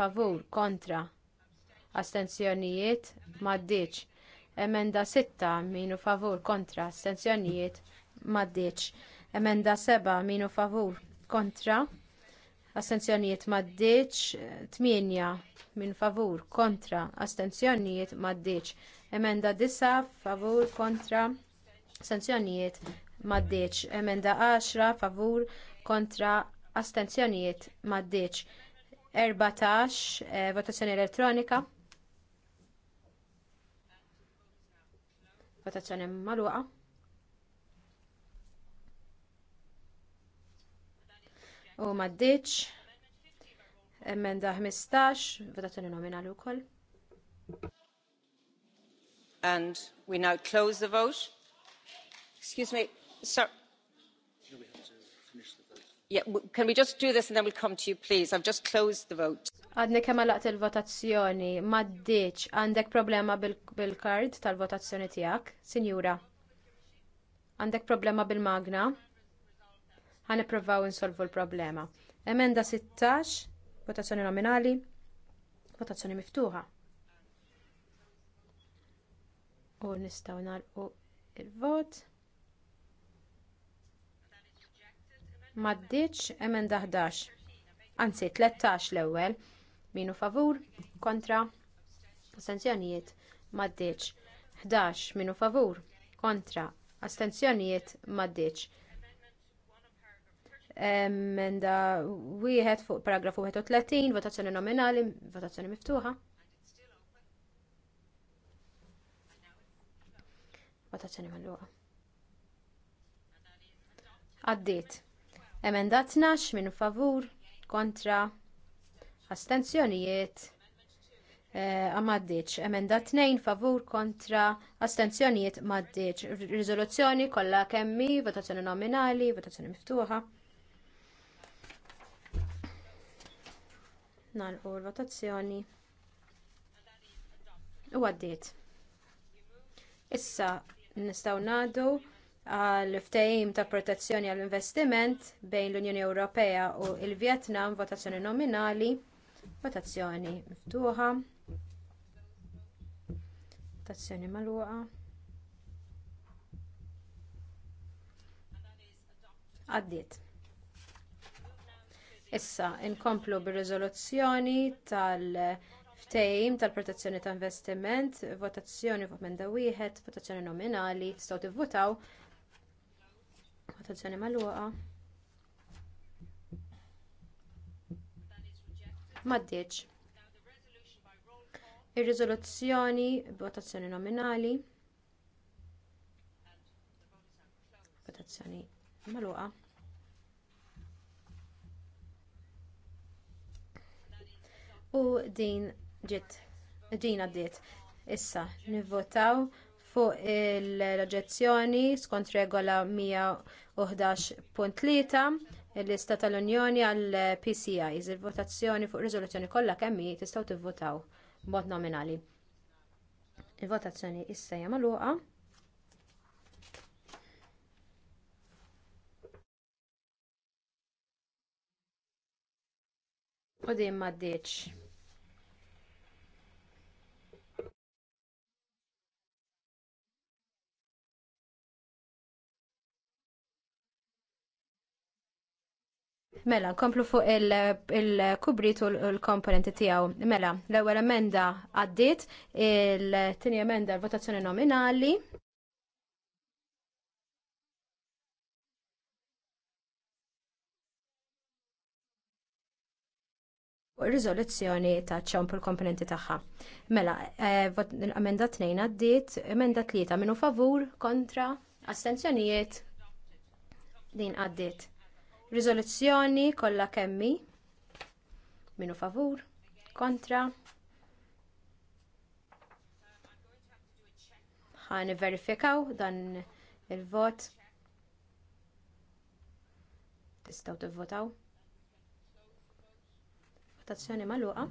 favur kontra astenzjonijiet maddiċ. Emenda 6 minu favur kontra astenzjonijiet maddiċ. Emenda 7 minu favur kontra astenzjonijiet maddiċ. 8 minu favur kontra astenzjonijiet maddiċ. Emenda 9 favur kontra astenzjonijiet maddiċ. Emenda 10 favur kontra astenzjonijiet maddiċ 14 eh, votazzjoni elettronika. Votazzjoni maluqa. U maddiċ. Emenda 15, votazzjoni nominali wkoll. And we now close the vote. Excuse me, sir. Yeah, can we just do this and then we'll come to you, please? I've just closed the vote. Għadni kemm laqt il-votazzjoni, maddiċ, għandek problema bil-kard bil tal-votazzjoni tiegħek, sinjura. Għandek problema bil-magna? Ħanipprovaw insolvu l-problema. Emenda 16, votazzjoni nominali, votazzjoni miftuħa. U nistgħu nagħlqu il-vot. Maddiċ emenda 11. Anzi, 13 l-ewwel. Minu favur, kontra, astenzjonijiet, maddiċ. 11 minu favur, kontra, astenzjonijiet, maddiċ. Emenda wieħed fuq paragraf 31, votazzjoni nominali, votazzjoni miftuħa. Votazzjoni mal-luqa. Għaddit. Emenda nax minn favur kontra astenzjonijiet għamaddiċ. Eh, Emenda tnejn favur kontra astenzjonijiet maddiċ. Rizoluzzjoni kollha kemmi, votazzjoni nominali, votazzjoni miftuħa. Nalqu l-votazzjoni. U għaddiet. Issa nistaw nadu għal ftehim ta' protezzjoni għall investiment bejn l-Unjoni Ewropea u l vjetnam votazzjoni nominali, votazzjoni miftuħa, votazzjoni magħluqa. għaddiet. Issa, inkomplu bir-riżoluzzjoni tal-ftejm tal-protezzjoni tal investiment, votazzjoni fuq menda wieħed, votazzjoni nominali, tistgħu tivvutaw, votazzjoni magħluqa. Maddiċ. Ir-riżoluzzjoni b'votazzjoni nominali. Votazzjoni magħluqa. U din ġiet din għaddiet. Issa nivvotaw fuq il oġezzjoni skont regola 111.3 l-lista tal-Unjoni għall PCIs. Il-votazzjoni fuq riżoluzzjoni kollha kemm hi tistgħu tivvotaw b'mod nominali. Il-votazzjoni issa hija magħluqa. U din Mela, komplu fuq il-kubrit u l-komponenti tijaw. Mela, l-ewel emenda għaddit, il-tini emenda l-votazzjoni nominali. rizoluzzjoni ta' ċomp l-komponenti tagħha. Mela, eh, emenda tnejn għaddit, emenda tlieta minu favur, kontra, astenzjonijiet, din għaddit. Rizoluzzjoni kollha kemmi. Minu favur, kontra. Għan verifikaw dan il-vot. Tistgħu tivvotaw. Votazzjoni magħluqa.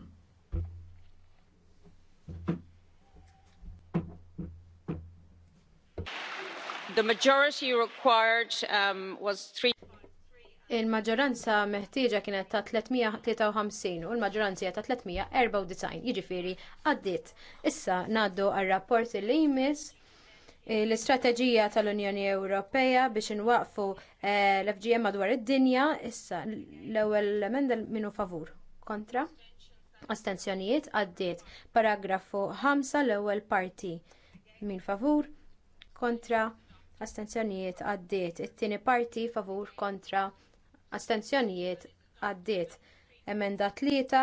The majority required um, was three il-maġġoranza meħtieġa kienet ta' 353 u l-maġġoranza ta' 394, jiġifieri għaddiet. Issa ngħaddu għar-rapport li jmiss eh, l-istrateġija tal-Unjoni Ewropea biex inwaqfu eh, l-FGM madwar id-dinja, issa l-ewwel emenda minu favur. Kontra? Astenzjonijiet għaddiet. Paragrafu 5 l-ewwel parti. Min favur? Kontra? Astenzjonijiet għaddiet. It-tieni parti favur kontra Astenzjonijiet għaddiet. Emenda tlieta,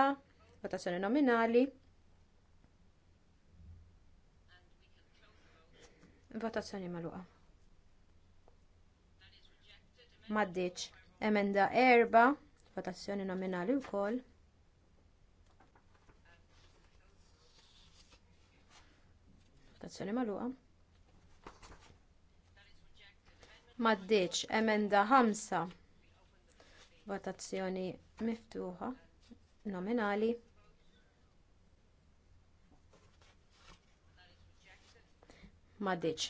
votazzjoni nominali. Votazzjoni magħluqa. Maddiċ. Emenda erba, votazzjoni nominali wkoll. Votazzjoni magħluqa. Maddiċ. Emenda ħamsa, Votazzjoni miftuħa, nominali. Madiċ.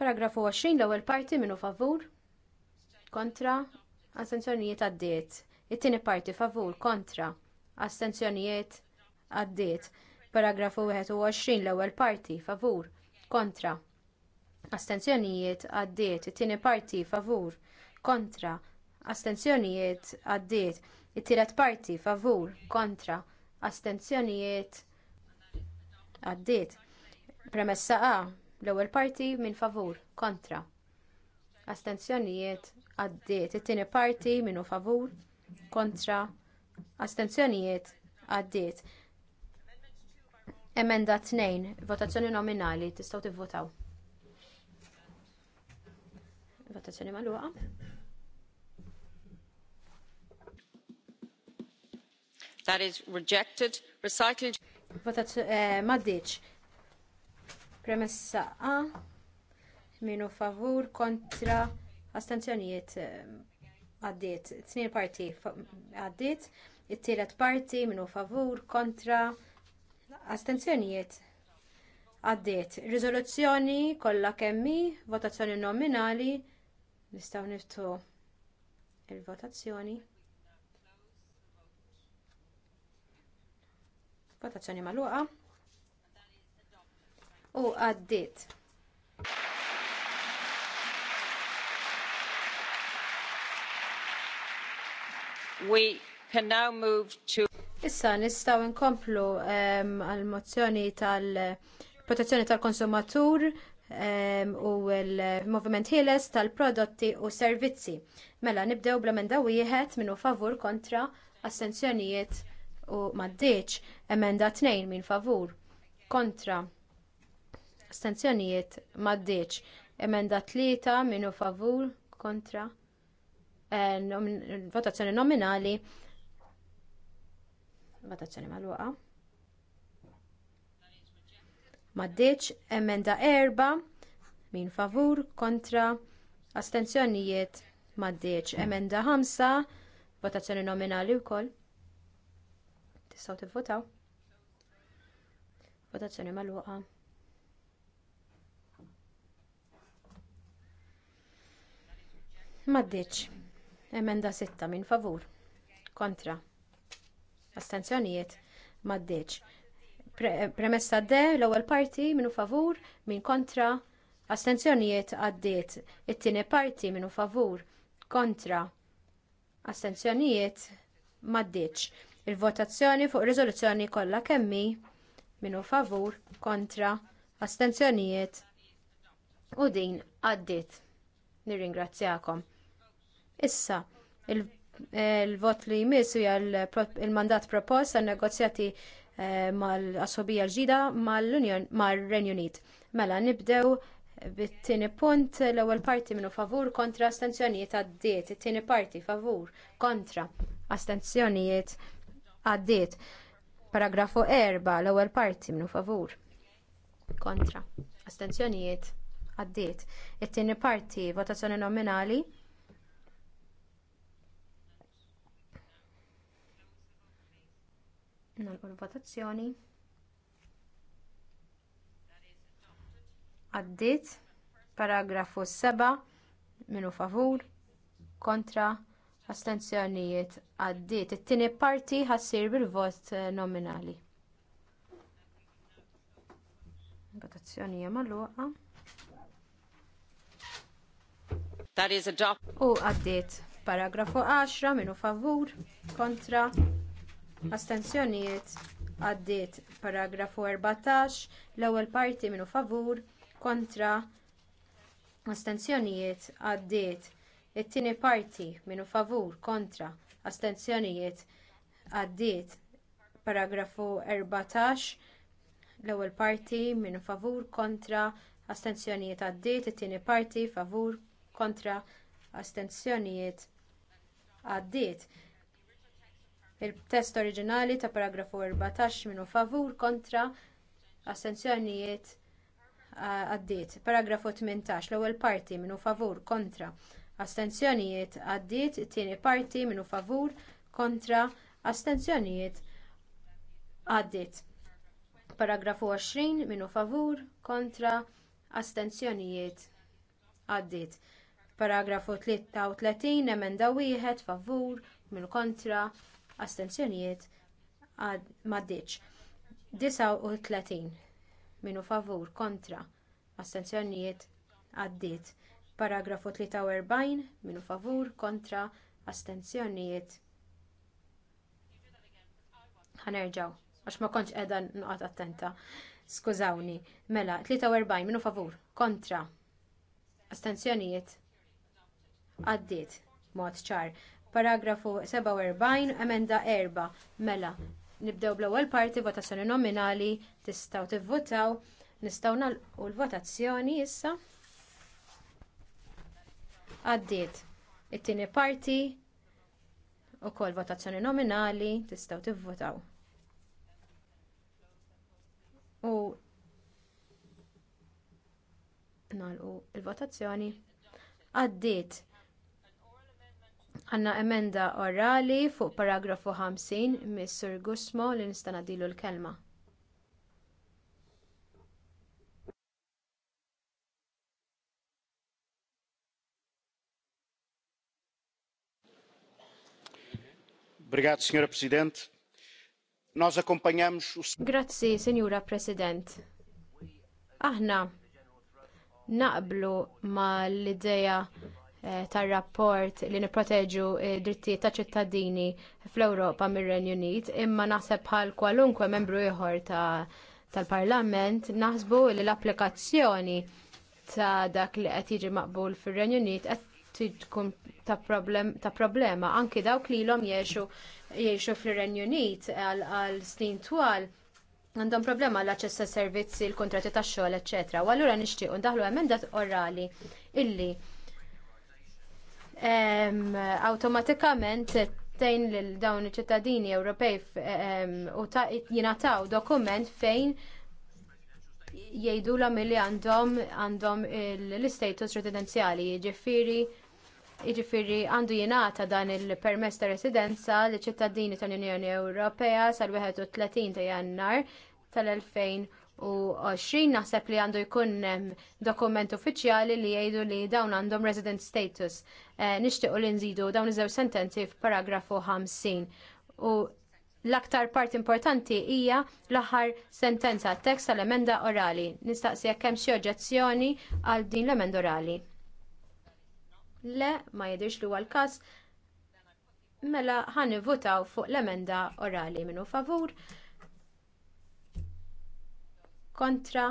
Paragrafu 20 l-ewwel parti minnu favur kontra astenzjonijiet għaddiet. It-tieni parti favur kontra astenzjonijiet għaddiet. Paragrafu 21 l-ewwel parti favur kontra astenzjonijiet għaddiet. It-tieni parti favur kontra, astenzjonijiet għaddiet, it-tielet parti favur kontra, astenzjonijiet għaddiet. Premessa A, l-ewwel parti minn favur kontra. Astenzjonijiet għaddiet, it-tieni parti minnu favur kontra, astenzjonijiet għaddiet. Emenda 2, votazzjoni nominali, tistgħu tivvotaw. Votazzjoni magħluqa. That is rejected. Recycling. Votazzjoni eh, maddiċ. Premessa A. Minu favur kontra astenzjonijiet eh, għaddiet. Tnien parti għaddiet. It-tielet parti minu favur kontra astenzjonijiet għaddiet riżoluzzjoni kollha kemmi, votazzjoni nominali, nistgħu niftu il-votazzjoni. Votazzjoni maluqa. U għaddit. We can now move to Issa nistgħu nkomplu għall mozzjoni tal-protezzjoni tal-konsumatur u l-movement ħieles tal-prodotti u servizzi. Mela nibdew bl-emenda wieħed minnu favur kontra assenzjonijiet u maddiċ emenda 2 minn favur kontra astenzjonijiet maddiċ emenda 3 minn favur kontra eh, votazzjoni nominali votazzjoni magħluqa maddiċ emenda erba' min favur kontra astenzjonijiet maddiċ emenda 5 votazzjoni nominali wkoll Tistgħu tivvotaw. Votazzjoni magħluqa. Maddiċ. Emenda sitta minn favur. Kontra. Astenzjonijiet. Maddiċ. Pre premessa D, l-ewwel parti minnu favur, minn kontra. Astenzjonijiet għaddiet. It-tieni parti minnu favur. Kontra. Astenzjonijiet. Maddiċ Il-votazzjoni fuq riżoluzzjoni kollha kemmi minu favur kontra astenzjonijiet u din għaddiet. Nirringrazzjakom. Issa, eh, il-vot li jmiss huja il-mandat propost għal negozjati eh, mal-assobija l-ġida mal-Union mal-Renju Unit. Mela nibdew bit-tieni punt l-ewwel parti minnu favur kontra astenzjonijiet għaddiet, it-tieni parti favur kontra astenzjonijiet għaddiet. Paragrafu 4 l-ewwel parti minnu favur. Kontra. Astenzjonijiet għaddiet. It-tieni parti votazzjoni nominali. Nagħmlu votazzjoni. Għaddiet. Paragrafu 7 minnu favur kontra astenzjonijiet għaddiet. It-tieni parti ħassir bil-vot eh, nominali. Votazzjoni magħluqa. That is a U għaddiet paragrafu 10 minu favur kontra astenzjonijiet għaddiet paragrafu 14 l-ewwel parti minu favur kontra astenzjonijiet għaddiet It-tieni parti minu favur kontra astenzjonijiet għaddiet paragrafu 14 l-ewwel parti minu favur kontra astenzjonijiet għaddiet, it-tieni parti favur kontra astenzjonijiet għaddiet. Il-test oriġinali ta' paragrafu 14 minu favur kontra astenzjonijiet għaddiet. Paragrafu 18 l-ewwel parti minu favur kontra astenzjonijiet għaddiet, it-tieni parti minnu favur kontra astenzjonijiet għaddiet. Paragrafu 20 minnu favur kontra astenzjonijiet għaddiet. Paragrafu 33 emenda wieħed favur minnu kontra astenzjonijiet maddiċ. 39 minnu favur kontra astenzjonijiet għaddiet. Paragrafu 43 minu favur kontra astenzjonijiet. Ħanerġaw, għax ma kontx qiegħda noqgħod attenta. Skużawni, mela 43 minu favur kontra astenzjonijiet. Għaddiet mod ċar. Paragrafu 47, emenda 4, mela nibdew bl-ewwel parti votazzjoni nominali tistgħu tivvutaw nistgħu nagħlqu l-votazzjoni issa għaddiet. It-tieni parti ukoll votazzjoni nominali tistgħu tivvotaw. U nagħlqu l votazzjoni għaddiet. Għanna emenda orali fuq paragrafu 50 mis-Sur Gusmo li nista' nadilu l-kelma. Grazzi, Sinjura President. Aħna naqblu ma l-ideja eh, tar-rapport li nipproteġu drittijiet ta' ċittadini fl-Ewropa mir-Renju Unit, imma naħseb bħal kwalunkwe membru ieħor tal-Parlament naħsbu li l-applikazzjoni ta' dak li qed jiġi maqbul fir-Renju Unit qed tkun ta' problema anki dawk li l-om jiexu fl-Renju Unit għal snin twal għandhom problema l-aċċess ta' servizzi, l kuntratti ta' xogħol, eċetera. U allura nixtiequ ndaħlu emendat orali illi awtomatikament tejn lil dawn iċ-ċittadini Ewropej u jingħataw dokument fejn jgħidulhom milli għandhom għandhom l-istatus residenzjali, jiġifieri Jiġifieri għandu jingħata dan il-permess ta' residenza li ċittadini tal-Unjoni Ewropea sal-31 ta' jannar tal-2020 naħseb li għandu jkun dokument uffiċjali li jgħidu li dawn għandhom resident status. Eh, nixtiequ li nżidu dawn iż-żewġ sentenzi f'paragrafu 50. U l-aktar part importanti hija l-aħħar sentenza t tekst tal-emenda orali. Nistaqsi jekk hemm xi oġġezzjoni għal din l-emenda orali. Le, ma jidirx li huwa l każ Mela ħan votaw fuq l-emenda orali minnu favur. Kontra.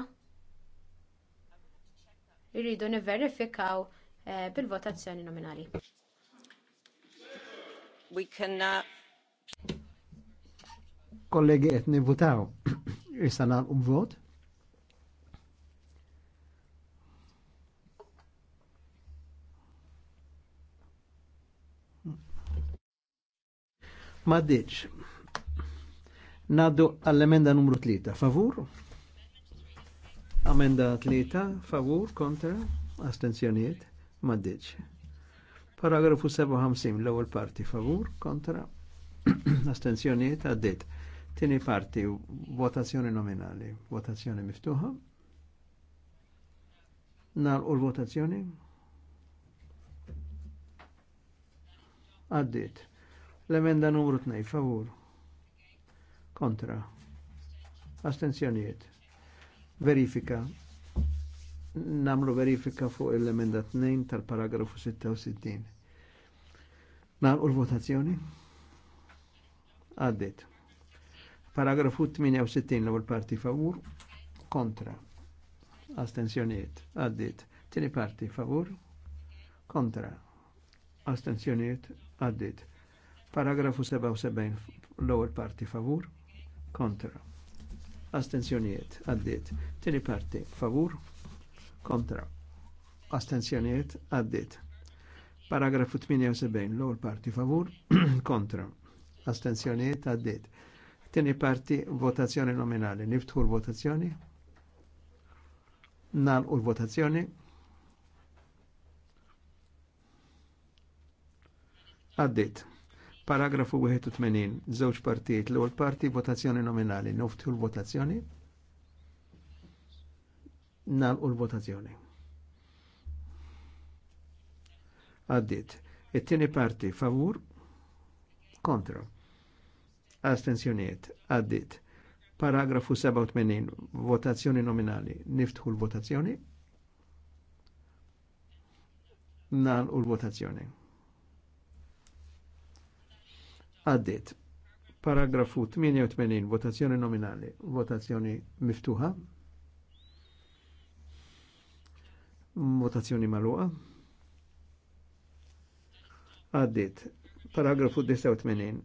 Irridu niverifikaw eh, bil-votazzjoni nominali. We uh, Kollegi qed nivvutaw. Issa nagħlqu vot. Maddiċ. Naddu għall-emenda numru 3. Favur? Amenda 3. Favur? Kontra? Astenzjoniet? Maddiċ. Paragrafu 57, l-ewwel parti favur, kontra, astenzjoniet għaddit. Tieni parti, votazzjoni nominali, votazzjoni miftuħa. Nalqu l-votazzjoni. Għaddit. L-emenda numru 2, favur. Kontra. Astenzjoniet. Verifika. Namlu verifika fuq l-emenda 2 tal-paragrafu 66. Nagħlqu l-votazzjoni? Għaddit. Paragrafu 68 l-ewwel parti favur, kontra. Astenzjonijiet. Għaddit. Tieni parti favur, kontra. Astenzjonijiet. Għaddit. Paragrafu 77 l-ewwel parti favur kontra. Astenzjonijiet għaddiet. Tieni parti favur kontra. Astenzjonijiet għaddiet. Paragrafu 78 l-ewwel parti favur kontra. Astenzjonijiet għaddiet. Tieni parti votazzjoni nominali. Niftħu l-votazzjoni. u l-votazzjoni. Għaddiet. Paragrafu 81, żewġ partijiet, l-ewwel parti votazzjoni nominali, nuftu l-votazzjoni. Nalqu l-votazzjoni. Għaddit. It-tieni parti favur kontra. Astenzjoniet għaddit. Paragrafu 87, votazzjoni nominali. Niftħu l-votazzjoni. Nalqu l-votazzjoni. għaddit. Paragrafu 88, votazzjoni nominali, votazzjoni miftuħa, votazzjoni maluqa, għaddit. Paragrafu 89,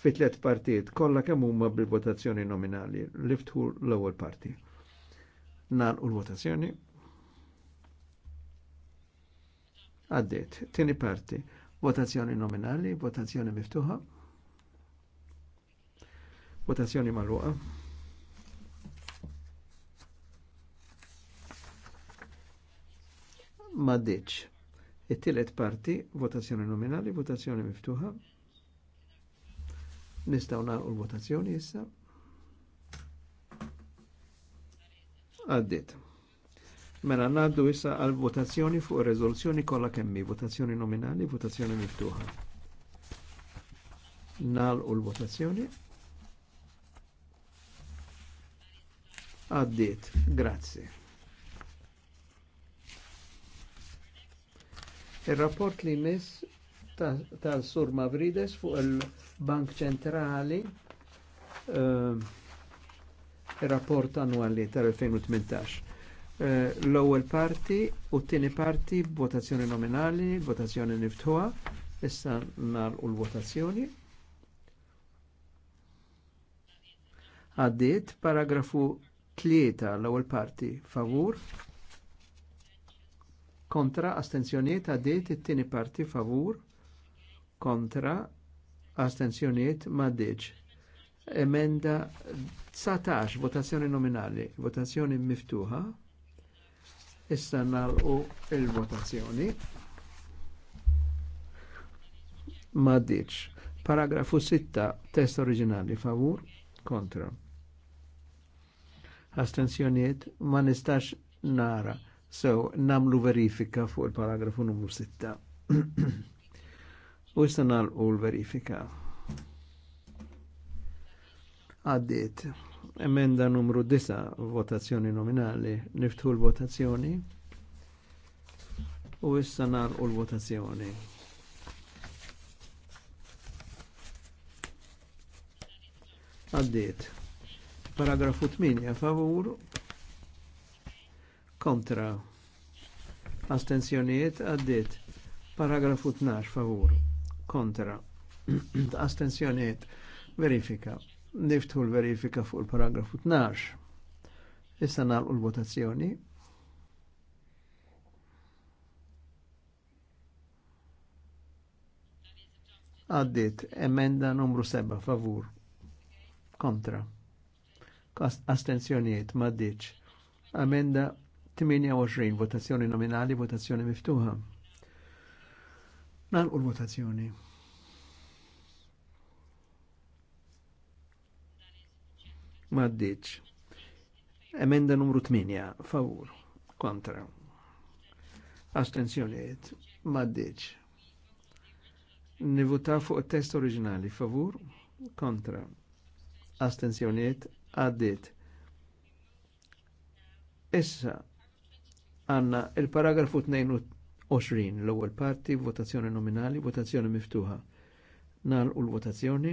fitlet partijiet, kollha kemm huma bil-votazzjoni nominali, liftu l-ewwel parti. u l-votazzjoni. Għaddit, tieni parti, votazzjoni nominali, votazzjoni miftuħa. Votazzjoni marruqa. Ma ditx. It-tielet parti, votazzjoni nominali, votazzjoni miftuħa. Nistaw u l-votazzjoni issa. Għaddit. Mela ngħaddu issa għal votazzjoni fuq ir-riżoluzzjoni kollha kemmi, votazzjoni nominali, votazzjoni miftuħa. u l-votazzjoni. Għaddiet, grazzi. Il-rapport li mis tal-Sur ta Mavrides fuq il-Bank Ċentrali uh, il-rapport annuali tal-2018. Uh, L-ewwel parti u t-tieni parti votazzjoni nominali, votazzjoni niftuha, issa nar u l-votazzjoni. Għaddiet paragrafu Tlieta l-ewwel parti favur kontra astenzjoniet għaddiet it-tieni parti favur kontra astenzjoniet m'għaddiex. Emenda 19 votazzjoni nominali, votazzjoni miftuħa. Issa nagħlqu il-votazzjoni. M'għaddiex. Paragrafu 6 test oriġinali favur kontra astensjoniet ma nistax nara. So, namlu verifika fuq il-paragrafu numru 6. u jistanal u l-verifika. Għaddit, emenda numru 9, votazzjoni nominali, niftu l-votazzjoni u jistanal u l-votazzjoni. Għaddit. Paragrafu 8 favur kontra astensjoniet għaddit. Paragrafu 12 favur kontra astensjoniet verifika. Niftu l-verifika fuq il-paragrafu 12. Issa nalqu l-votazzjoni. Għaddit emenda numru 7 favur kontra astenzjoniet ddiċ. Amenda 28, votazzjoni nominali, votazzjoni miftuħa. Nanqu l-votazzjoni. ddiċ. Emenda numru 8, favur, kontra. Astenzjoniet, ddiċ. Nivuta fuq il-test oriġinali, favur, kontra. Astenzjoniet, għaddit. Issa għanna il-paragrafu 22 l-ewwel parti, votazzjoni nominali, votazzjoni miftuħa. Nalqu l-votazzjoni.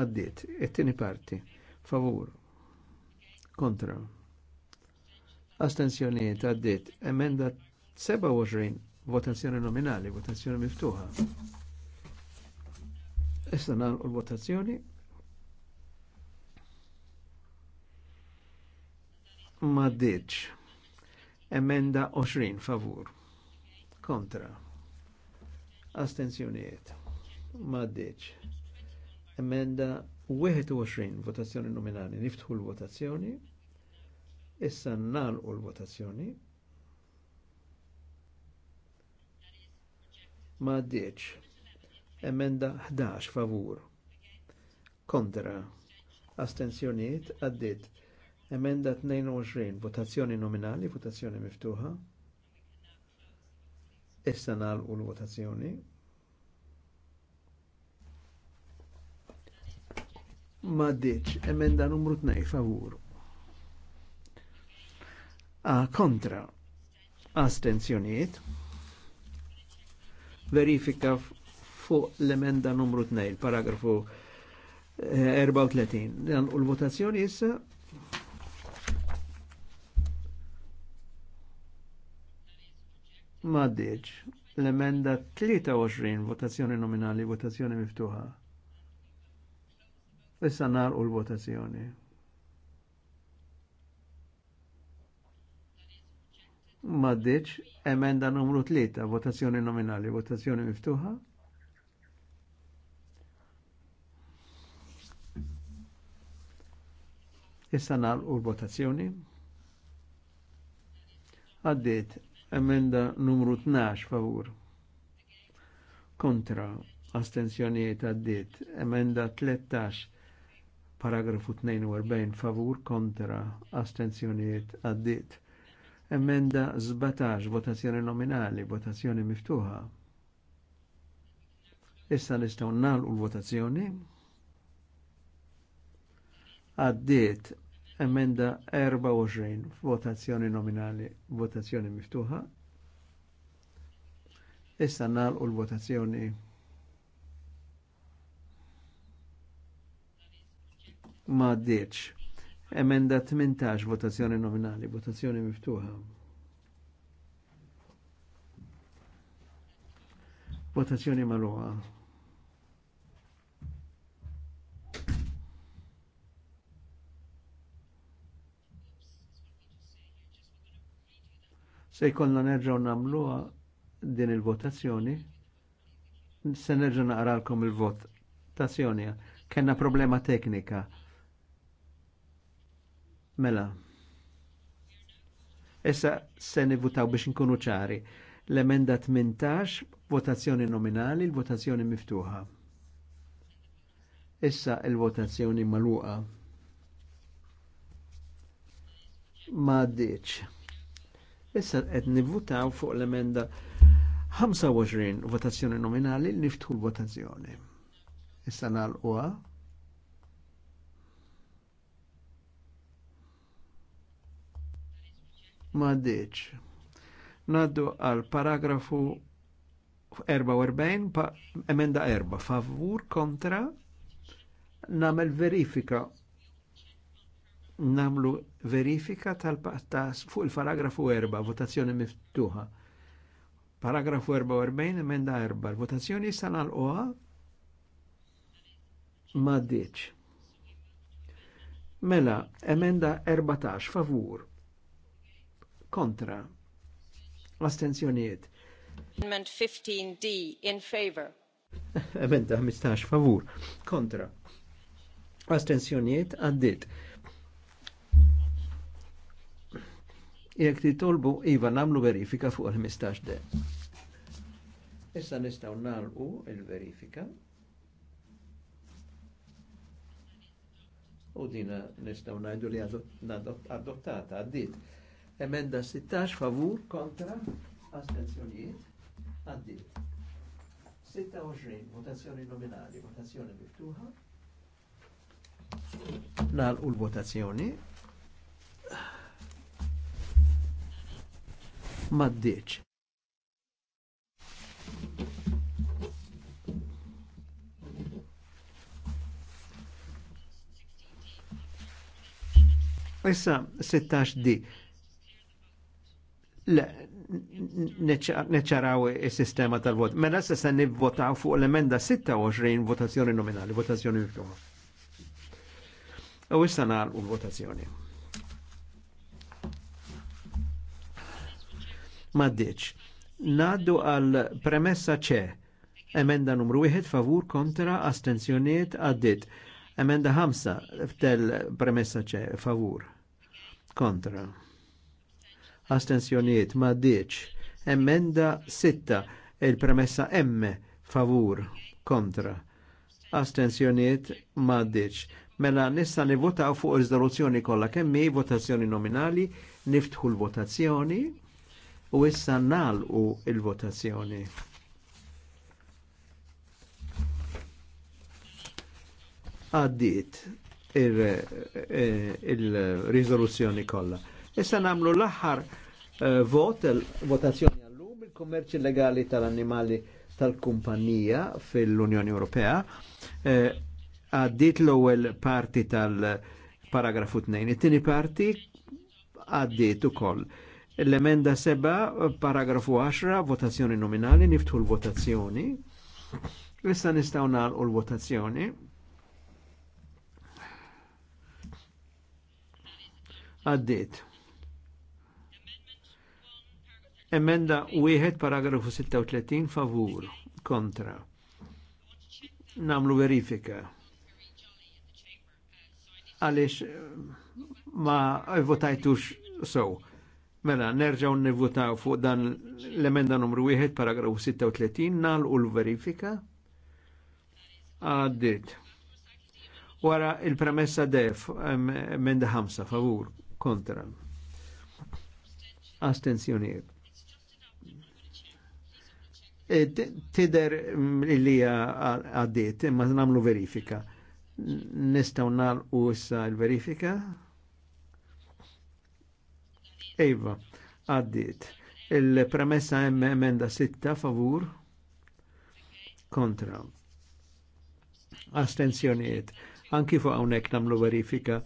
Għaddit, it-tieni parti, favur, kontra. Astenzjonijiet għaddit. emenda 27, votazzjoni nominali, votazzjoni miftuħa. Issa nagħlqu l-votazzjoni. Ma Emenda 20 favur. Kontra. Astenzjonijiet. Ma ditx. Emenda 21 votazzjoni nominali. Niftħu l-votazzjoni. Issa nagħlqu l-votazzjoni. Ma Emenda 11 favur. Kontra. Astenzjoniet għaddit. Emenda 22 votazzjoni nominali, votazzjoni miftuħa. Issa u l-votazzjoni. Ma emenda numru 2 favur. A kontra astenzjoniet verifika fuq l-emenda numru 2, paragrafu 34. Eh, Dan u l-votazzjoni issa maddiċ l-emenda 23 votazzjoni nominali, votazzjoni miftuħa. Issa nar u l-votazzjoni. Maddiċ, emenda numru 3, votazzjoni nominali, votazzjoni miftuħa. Issa nagħlqu l-votazzjoni. Għaddit, emenda numru 12 favur. Kontra astenzjoniet għaddit, emenda 13 paragrafu 42 favur kontra astenzjonijiet għaddit. Emenda 17 votazzjoni nominali, votazzjoni miftuħa. Issa nistgħu nagħlqu l-votazzjoni għaddiet emenda 24 votazzjoni nominali, votazzjoni miftuħa. Issa u l-votazzjoni ma għaddiet. Emenda 18 votazzjoni nominali, votazzjoni miftuħa. Votazzjoni maluqa. Se jkollna nerġgħu nagħmluha din il-votazzjoni. Se nerġgħu naqralkom il-votazzjoni. Kenna problema teknika. Mela. Issa se nivutaw biex nkunu ċari. L-emenda 18, votazzjoni nominali, l-votazzjoni miftuħa. Issa il-votazzjoni maluqa. Ma' ddiċ. Issa qed nivvutaw fuq l-emenda 25 votazzjoni nominali li niftħu l-votazzjoni. Issa nagħlquha. Ma ddiċ. Naddu għal paragrafu 44 pa, emenda 4 favur kontra namel verifika namlu verifika tal-pattas fuq il-paragrafu 4, votazzjoni miftuħa. Paragrafu 44, emenda 4, votazzjoni sanal oħa maddiċ. Mela, emenda 14, favur. Kontra. Astenzjoniet. Amendment 15D, in favor. emenda 15, favur. Kontra. Astenzjoniet, għaddit. Jek titolbu, iva namlu verifika fuq il-15 de. Issa nistaw nalqu il-verifika. U dina nistaw najdu li adottata, għaddit. Emenda 16 favur kontra astenzjonijiet, għaddit. 26 votazzjoni nominali, votazzjoni miftuħa. Nalqu l-votazzjoni. maddiċ. Issa 16 di. Le, neċaraw il-sistema tal-vot. Mela se se nivvotaw fuq l-emenda 26 votazzjoni nominali, votazzjoni miftuħa. U issa nagħlqu l-votazzjoni. maddiċ. Naddu għal premessa ċe. Emenda numru 1 favur kontra astenzjoniet għaddit. Emenda 5 f'tel premessa ċe favur kontra. Astenzjoniet maddiċ. Emenda 6 il-premessa M favur kontra. Astenzjoniet maddiċ. Mela nissa nivotaw fuq il riżoluzzjoni kollha kemm votazzjoni nominali, niftħu l-votazzjoni u issa nalqu il-votazzjoni. Għaddit eh, il-rizoluzzjoni kolla. kollha. Issa namlu l-aħħar eh, vot, votazzjoni għallum, il-kommerċi legali tal-annimali tal-kumpanija fil-Unjoni Ewropea. Eh, għaddit l-ewwel parti tal-paragrafu 2, it-tieni parti għaddit u koll L-emenda 7, paragrafu 10, votazzjoni nominali, niftu l-votazzjoni. Issa nistaw nalqu l-votazzjoni. Għaddit. Emenda 1, paragrafu 36, favur, kontra. Namlu verifika. Għalix ma votajtux sow Mela, nerġaw nivutaw fuq dan l-emenda numru 1, paragrafu 36, nal u l-verifika. Għaddit. Wara il-premessa def, emenda 5, favur, kontra. Astenzjoniet. E, Tider mm, li għaddit, ma namlu verifika. Nistaw nal u issa l verifika Iva, għaddit. Il-premessa hemm emenda 6 favur kontra. Astenzjoniet. Anki fuq hawnhekk namlu verifika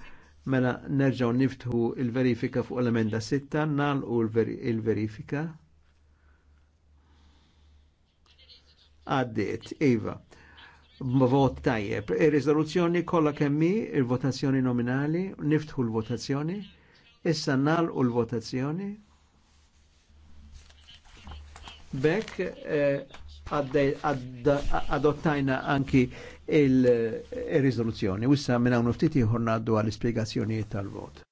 mela nerġgħu niftħu il-verifika fuq l-emenda 6 nagħlqu il-verifika. Għaddiet, Iva. Vot tajjeb. Ir-riżoluzzjoni kollha kemm il-votazzjoni nominali, niftħu l-votazzjoni. il votazzjoni nominali niftħu l votazzjoni Issa nal u l-votazzjoni. Bek eh, adottajna anki il-rizoluzzjoni. Wissa minna un-uftiti ħornaddu għall-ispiegazzjoni tal-vot.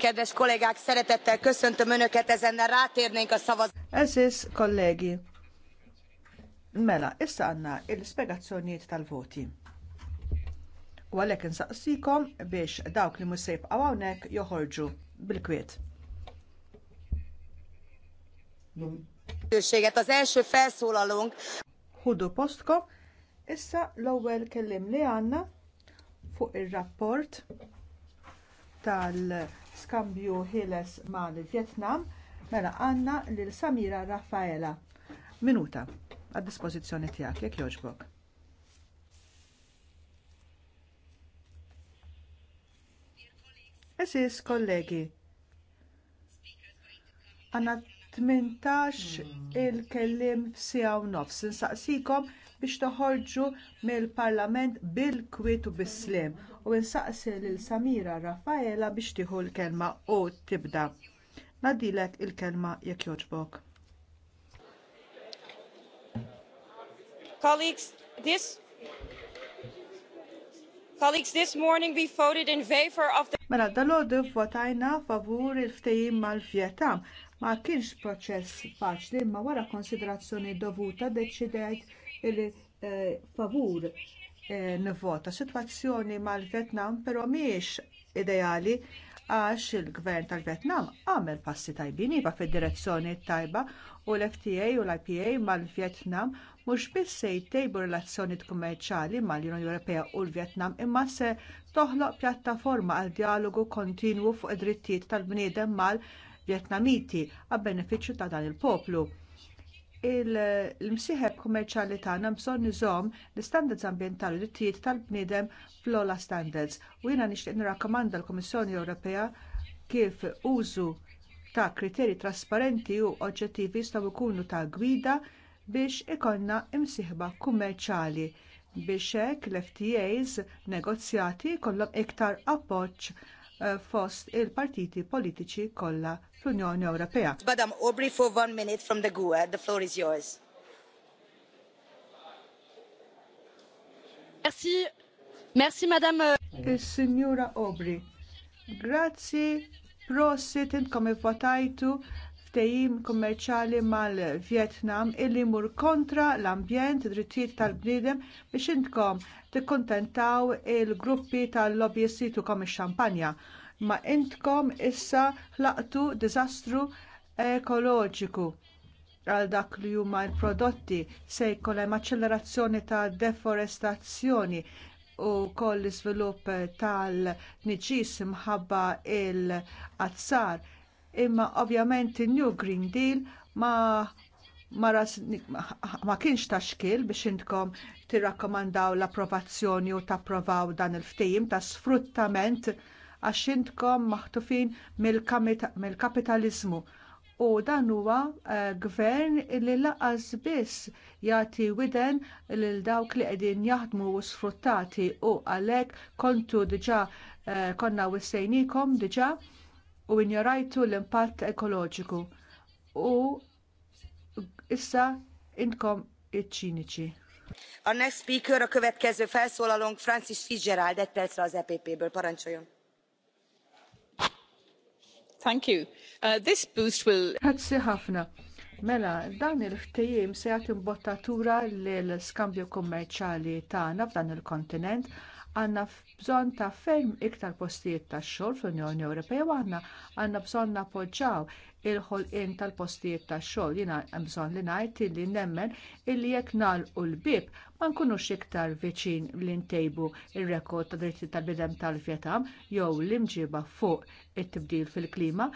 Kedves kollégák, szeretettel köszöntöm Önöket, ezennel rátérnénk a szavaz... Ez is, kollégi. Mela, issa għanna il-spiegazzjoniet tal-voti. U għalek nsaqsikom biex dawk li musib għawnek joħorġu bil-kwiet. Jösséget az első felszólalunk. Hudu postkom, issa l ewel kellim li għanna fuq il rapport tal-skambju ħieles mal-Vjetnam, mela għandna lil Samira Raffaela. Minuta għad dispożizzjoni tiegħek jekk jogħġbok. Esis, kollegi, għanna 18 il-kellim f'sijaw nofs. Nsaqsikom biex toħorġu mill-parlament bil-kwit u bis-slim u nsaqsi lil Samira Raffaela biex tieħu l-kelma u tibda. Nadilek il-kelma jekk jogħġbok. Colleagues, this Colleagues, this morning we voted in favor of the... Mela, dal-ħodu votajna favur il-ftejim mal-Vjetam. Ma kienx proċess faċli, ma wara konsiderazzjoni dovuta deċidejt il eh, favur E, nivvota. Sitwazzjoni mal-Vietnam però mhijiex ideali għax il-gvern tal-Vietnam għamel passi tajbin iva fil direzzjoni tajba u l-FTA u l-IPA mal-Vietnam mhux biss se jtejbu relazzjonijiet kummerċjali mal-Unjoni Ewropea u l-Vjetnam imma se toħloq pjattaforma għal dijalogu kontinwu fuq id-drittijiet tal-bniedem mal-Vjetnamiti għab benefiċċju ta' dan il-poplu. il, il kummerċjali tagħna bżonn iżomm l-istandards ambjentali u drittijiet tal-bniedem fl-ola standards. U jiena nixtieq nirrakkomanda l-Kummissjoni Ewropea kif użu ta' kriterji trasparenti u oġġettivi jistgħu jkunu ta' gwida biex ikollna imsiħba kummerċjali biex hekk l-FTAs negozjati jkollhom iktar appoġġ eh, fost il-partiti politiċi kollha fl-Unjoni Ewropea. Madam Aubrey, for one minute from the GUE, the floor is yours. Merci, merci madame. Il-Signora euh, e, Obri, grazzi prosit intkom e votajtu ftejim kommerċali mal-Vietnam illi mur kontra l-ambjent, drittijiet tal-bniedem biex intkom tikkuntentaw il-gruppi tal lobbyisti kom ix-xampanja. Ma intkom issa ħlaqtu diżastru ekoloġiku għal dak li huma l-prodotti se jkun hemm aċċelerazzjoni ta' deforestazzjoni u koll l-iżvilupp tal-niċis minħabba l azzar imma ovvjament in-New Green Deal ma ma, ras, ma kienx ta' xkil biex intkom tirrakkomandaw l-approvazzjoni u tapprovaw dan il-ftejim ta' sfruttament għax intkom maħtufin mill-kapitalizmu. Mil u dan huwa eh, gvern li laqas biss jagħti widen lil dawk li qegħdin jaħdmu u sfruttati u għalhekk kontu diġà eh, konna wissejnikom diġà u injorajtu l-impatt ekoloġiku. U issa inkom iċ-ċiniċi. next speaker a következő felszólalónk Francis Fitzgerald, egy percre az EPP-ből parancsoljon. Thank you. Uh, this boost will... Grazzi ħafna. Mela, dan il-ftejim se jagħti imbottatura lill skambju kummerċjali tagħna f'dan il-kontinent għanna bżon ta' ferm iktar postijiet ta' xol fl-Unjoni Ewropea u aħna għandna bżonn nappoġġjaw il-ħolqien tal-postijiet tax-xogħol jiena hemm bżonn li ngħid illi nemmen illi jekk nagħlqu l-bib ma nkunux iktar viċin li ntejbu r rekord ta' dritti tal-bidem tal-vjetam jew l-imġiba fuq it-tibdil fil-klima,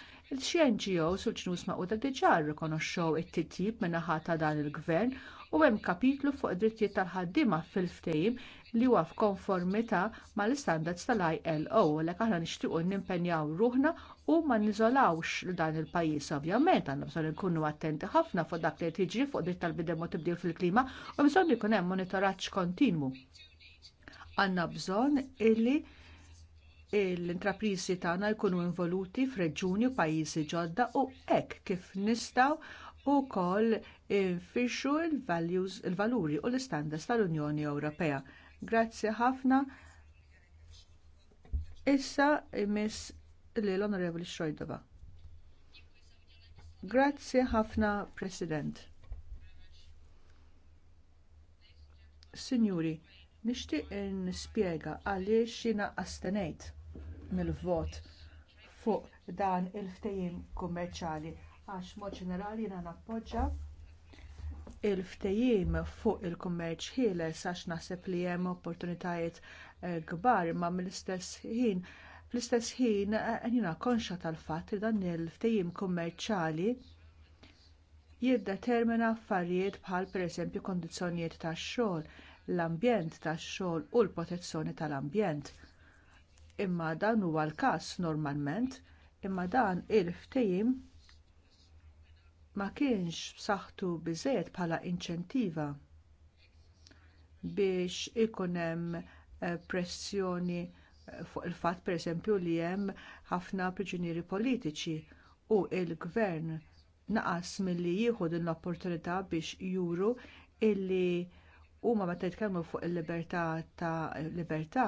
xi NGOs u l-ġnus maqquda diġà rrikonoxxew it-titjib min-naħa ta' dan il-gvern u hemm kapitlu fuq id-drittijiet tal-ħaddiema fil-ftehim li huwa f'konformità mal-istandards tal-ILO għalhekk aħna nixtiequ nimpenjaw ruħna u ma nizolawx dan il-pajjiż ovvjament għandna bżonn inkunu attenti ħafna fuq dak li tiġi fuq dritt tal-bidem u tibdil fil-klima u bżonn ikun hemm monitoraġġ kontinwu. Għandna bżonn illi l-intrapriżi tagħna jkunu involuti f'reġjuni u pajjiżi ġodda u hekk kif nistgħu wkoll infixxu l-valuri u l-istandards tal-Unjoni Ewropea. Grazzi ħafna. Issa miss l-Onorevoli Xojdova. Grazzi ħafna, President. Signuri, nixtieq nispjega għaliex jiena astenejt mill-vot fuq dan il-ftehim kummerċjali għax mod ġenerali jiena nappoġġa il-ftehim fuq il-kummerċ ħieles għax naħseb li hemm opportunitajiet eh, kbar ma mill-istess ħin Fl-istess ħin, għanina konxa tal-fat li dan il-ftejim kummerċali jiddetermina affarijiet bħal pereżempju kondizzjonijiet tax-xogħol, l-ambjent tax-xogħol u l-protezzjoni tal-ambjent. Imma dan huwa l-każ normalment, imma dan il-ftehim ma kienx b'saħħtu biżżejjed bħala inċentiva biex ikun hemm eh, pressjoni fuq il-fatt pereżempju li hemm ħafna priġunieri politiċi u l gvern naqas milli jieħu din l-opportunità biex juru illi huma meta jitkellmu fuq il-libertà ta' libertà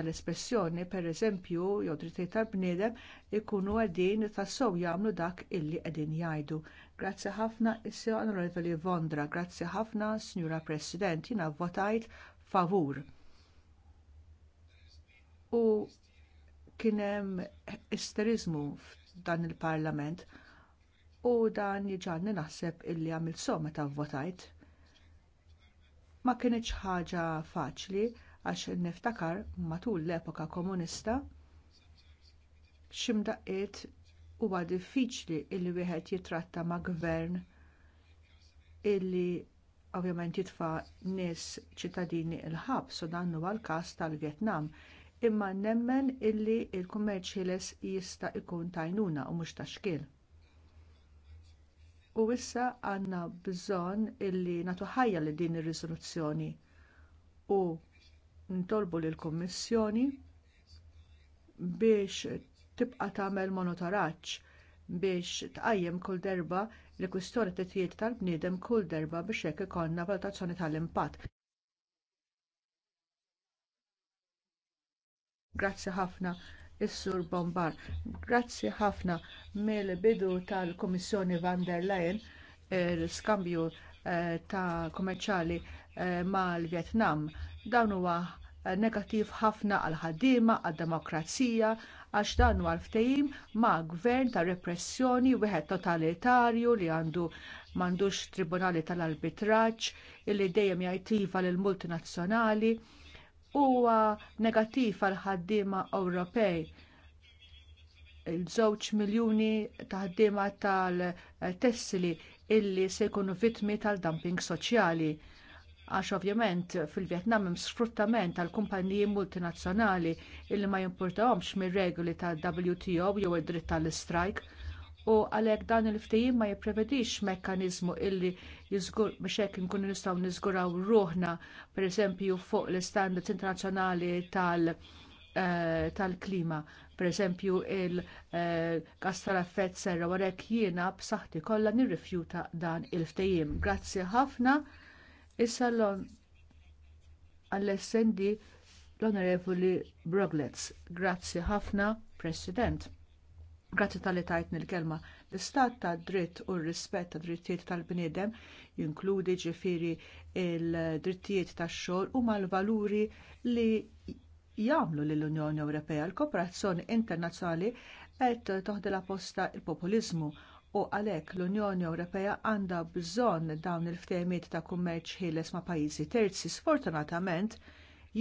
tal-espressjoni pereżempju jew drittijiet tal-bniedem ikunu qegħdin tassew jagħmlu dak illi qegħdin jgħidu. Grazzi ħafna is-sew Onorevoli Vondra, grazzi ħafna Sinjura President, jiena vvotajt favur u kien hemm isterizmu f'dan il-parlament u dan jiġanni naħseb illi għamil meta vvotajt. Ma kinitx ħaġa faċli għax niftakar matul l-epoka komunista ximdaqqiet huwa diffiċli illi wieħed jitratta ma' gvern illi ovvjament jitfa nies ċittadini il-ħabs u dan huwa l-każ tal-Vjetnam imma nemmen illi l il kummerċ ħieles jista' jkun ta' għajnuna u mhux ta' xkil. U issa għandna bżonn illi nagħtu ħajja li din ir-riżoluzzjoni u ntolbu lill kummissjoni biex tibqa' tagħmel monitoraġġ biex tqajjem kull darba li kwistjoni titjiet tal-bniedem kull darba biex hekk ikollna valutazzjoni tal-impatt. Grazzi ħafna. Is-Sur Bombar. Grazzi ħafna mill-bidu tal kummissjoni van der Leyen l-skambju eh, ta' kummerċjali eh, mal-Vjetnam. Dan huwa eh, negattiv ħafna għal ħaddiema għad-demokrazija, għax dan huwa ftehim ma' gvern ta' repressjoni wieħed totalitarju li għandu m'għandux tribunali tal-arbitraġġ illi dejjem jajtiva lill multinazzjonali huwa negattiv għal ħaddiema Ewropej il-żewġ miljuni ta' ħaddiema tal-tessili illi se jkunu vittmi tal-dumping soċjali. Għax ovvjament fil-Vjetnam hemm sfruttament tal kumpaniji multinazzjonali illi ma jimpurtawhomx mir-regoli tal-WTO jew id-dritt tal-istrajk u għalhekk dan il-ftehim ma jipprevedix mekkaniżmu illi jiżgur biex hekk inkunu nistgħu niżguraw ruħna pereżempju fuq l-istandards internazzjonali tal- eh, tal-klima. pereżempju il-gas eh, tal-effett serra warek jiena b'saħħti kollha nirrifjuta dan il ftejim Grazzi ħafna. Issa l-on għall-essendi l-Onorevoli Broglets. Grazzi ħafna, President. Grazzi tal-li tajtni l-kelma. L-istat ta' dritt u r-rispett ta' drittijiet tal-bniedem jinkludi ġifiri il-drittijiet tax xogħol u mal-valuri li jagħmlu lill unjoni Ewropea. L-kooperazzjoni internazzjonali qed toħdilha posta l populiżmu u għalhekk l-Unjoni Ewropea għandha bżonn dawn il-ftehimiet ta' kummerċ ħieles ma' pajjiżi terzi. Sfortunatament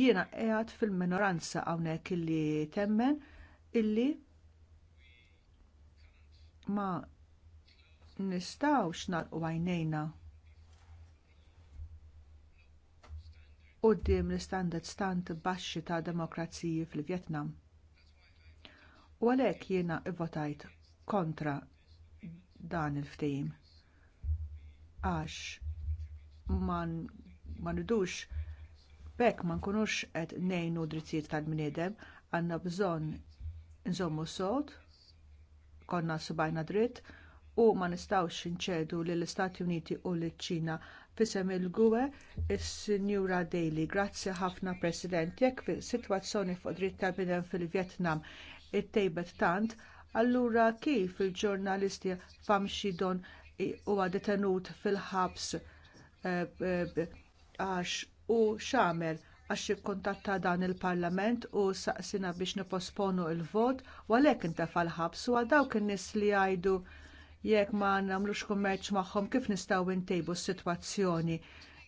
jiena qiegħed fil-minoranza hawnhekk illi temmen illi ma nistawx narqu għajnejna quddiem l-istandard stand baxxi ta' demokraziji fil-Vjetnam. U għalhekk jiena votajt kontra dan il-ftehim. Għax ma idux b'hekk ma nkunux qed ngħinu drittijiet tal-bniedem għandna bżonn nżommu sod konna subajna dritt u ma nistawx inċedu lill istati Uniti u liċ ċina fisem il-gwe is-Sinjura il Daily. Grazzi ħafna President. Jekk fil-sitwazzjoni fuq dritt ta' bidem fil-Vjetnam it-tejbet tant, allura kif il-ġurnalisti Famxidon huwa detenut fil-ħabs eh, eh, għax e, e, u xamel għax ikkuntatta dan il-Parlament u saqsina biex nipposponu l vot u għalhekk intefa' l-ħabs u għal dawk in-nies li jgħidu jekk ma nagħmlux kummerċ magħhom kif nistgħu ntejbu s-sitwazzjoni.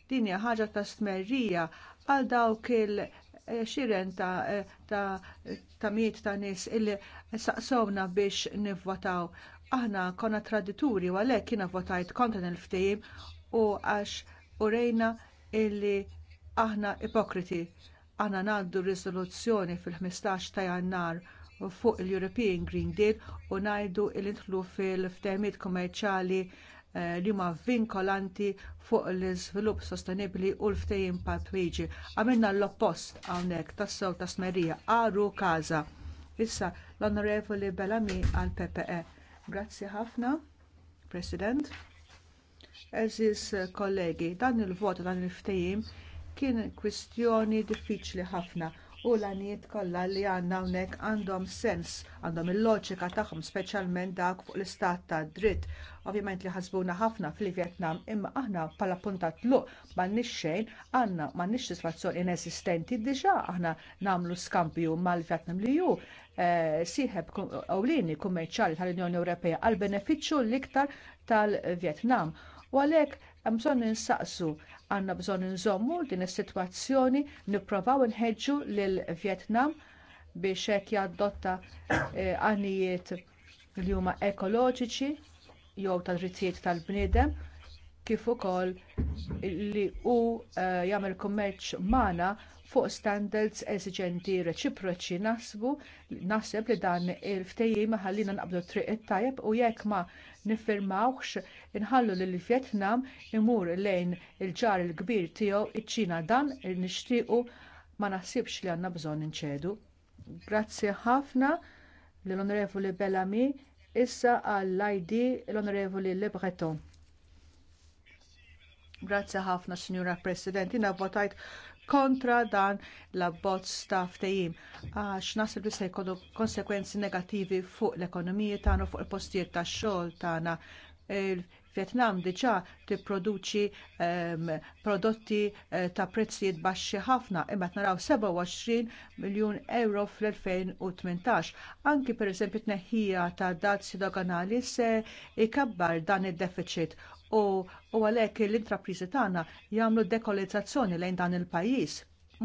Din hija ħaġa ta' stmerrija għal dawk il- eh, xiren ta', eh, ta, ta miet ta' nies illi saqsowna biex nivvotaw. Aħna konna tradituri u għalhekk jiena votajt kontra il-ftehim u għax urejna illi Aħna ipokriti, aħna ngħaddu riżoluzzjoni fil-15 ta' jannar fuq il-European Green Deal u ngħidu il intlu fil-ftehmiet kummerċjali eh, li huma vinkolanti fuq l-iżvilupp sostenibbli u l-ftehim patwiġi. Għamilna l-oppost hawnhekk tas-sew ta' smerija għaru kaza. Issa l-Onorevoli Bellamy għall PPE. Grazzi ħafna, President. Eżis eh, kollegi, dan il-vot dan il-ftehim Kien kwistjoni diffiċli ħafna u l-għaniet kollha li għandna hawnhekk għandhom sens, għandhom il-loġika tagħhom speċjalment dak fuq l-istat tad dritt. Ovvjament li ħasbuna ħafna fil-Vjetnam imma aħna bħala puntat luq m'għandniex xejn, għandna m'għandniex sitwazzjoni inesistenti diġà aħna nagħmlu skambju mal-Vjetnam li hu eh, sieħeb ewlieni kummerċjali tal-Unjoni Ewropea għall benefiċċju l-iktar tal-Vjetnam. U għalhekk hemm bżonn insaqsu Għanna bżonn nżommu din is-sitwazzjoni nipprovaw nħeġġu lil Vietnam biex hekk jadotta eh, għanijiet li huma ekoloġiċi jew ta' drittijiet tal-bniedem kif ukoll li hu eh, jagħmel kummerċ magħna fuq standards eżiġenti reċiproċi nasbu naħseb li dan il-ftejjim ħallina naqblu triq it-tajb u jekk ma niffirmawx inħallu li l-Vjetnam imur lejn il-ġar il-kbir tiegħu iċ-Ċina dan nixtiequ ma naħsibx li għandna bżonn inċedu. Grazzi ħafna l-Onorevoli Bellamy issa għall-ID l-Onorevoli Le Breton. Grazzi ħafna, Signora President. Jina votajt kontra dan l-abbozz ta' ftejim. għax nasib li se jkollu konsekwenzi negattivi fuq l-ekonomiji tagħna fuq il-postijiet tax-xogħol tagħna Vietnam diġà tipproduċi um, prodotti uh, ta' prezzijiet baxxi ħafna imma naraw 27 miljun euro fl-2018. Anki pereżempju tneħħija ta' dazzi doganali se ikabbar dan id-deficit u, għalhekk l-intrapriżi tagħna jagħmlu dekolizzazzjoni lejn dan il-pajjiż.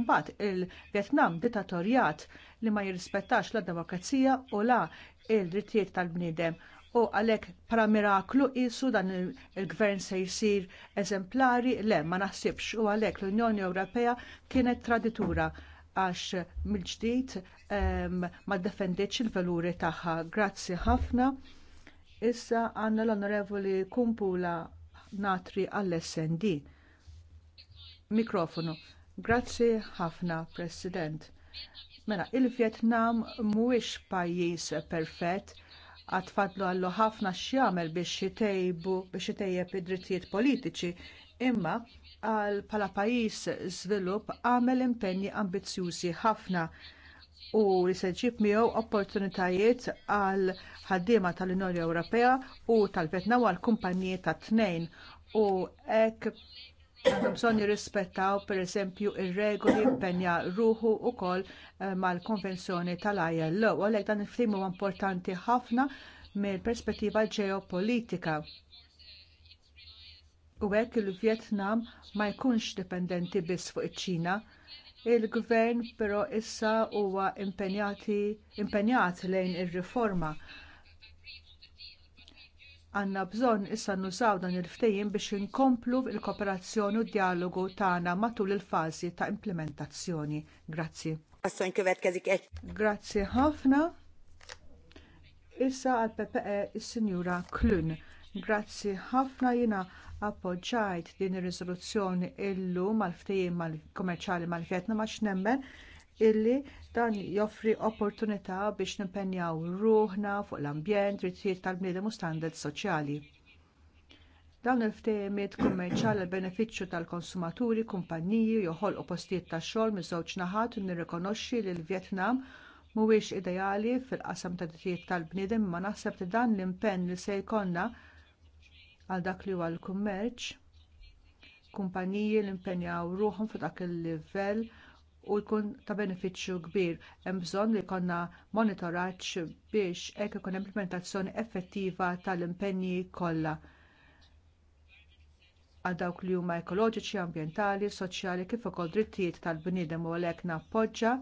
Mbagħad il-Vjetnam ditatorjat li ma jirrispettax la demokrazija u la il-drittijiet tal-bniedem u għalhekk para miraklu qisu dan il-gvern se jsir eżemplari le ma naħsibx u għalhekk l-Unjoni Ewropea kienet traditura għax mill-ġdid ehm, ma defendiċ il-valuri tagħha. Grazzi ħafna. Issa għandna l-Onorevoli Kumpula Natri għall-SND. Mikrofonu. Grazzi ħafna, President. Mela, il-Vietnam mhuwiex pajjiż perfett fadlu għallu ħafna x'jagħmel biex jitejbu biex jitejjeb id-drittijiet politiċi, imma għal pala pajjiż żvilupp għamel impenji ambizzjużi ħafna u li se ġib miegħu opportunitajiet għal ħaddiema tal-Unjoni Ewropea u tal-Vetnaw għal kumpaniji ta' tnejn u hekk għandhom bżonn jirrispettaw pereżempju r regoli impenja ruħu wkoll eh, mal-konvenzjoni tal-ILO. Għalhekk dan il huwa importanti ħafna mill-perspettiva ġeopolitika. U hekk il-Vjetnam ma jkunx dipendenti biss fuq iċ-Ċina, il-gvern però issa huwa impenjat lejn ir-riforma għandna bżonn issa nużaw dan il-ftejjin biex inkomplu l-kooperazzjoni u d dialogu tagħna matul il-fażi ta' implementazzjoni. Grazzi. Assan következik Grazzi ħafna. Issa għall PPE il sinjura Klun. Grazzi ħafna jiena appoġġajt din ir-riżoluzzjoni illum mal-ftehim mal-kummerċjali mal-Vjetnam għax nemmen illi dan joffri opportunità biex nimpenjaw ruħna fuq l-ambjent, rittijiet tal-bniedem u standards soċjali. Dawn il-ftehimiet kummerċjali għall benefiċċju tal-konsumaturi, kumpanniji joħolqu postijiet tax xogħol miżewġ żewġ naħat u nirrikonoxxi li l-Vjetnam mhuwiex ideali fil-qasam ta' drittijiet tal-bniedem ma naħseb li dan l-impenn li se jkollna għal dak li huwa l-kummerċ kumpaniji li impenjaw ruħhom fuq dak il-livell u jkun ta' benefiċċju kbir. Hemm bżonn li jkollna monitoraġġ biex hekk ikun implementazzjoni effettiva tal impenni kollha għal dawk li huma ekoloġiċi, ambjentali, soċjali kif ukoll drittijiet tal-bniedem u għalhekk nappoġġa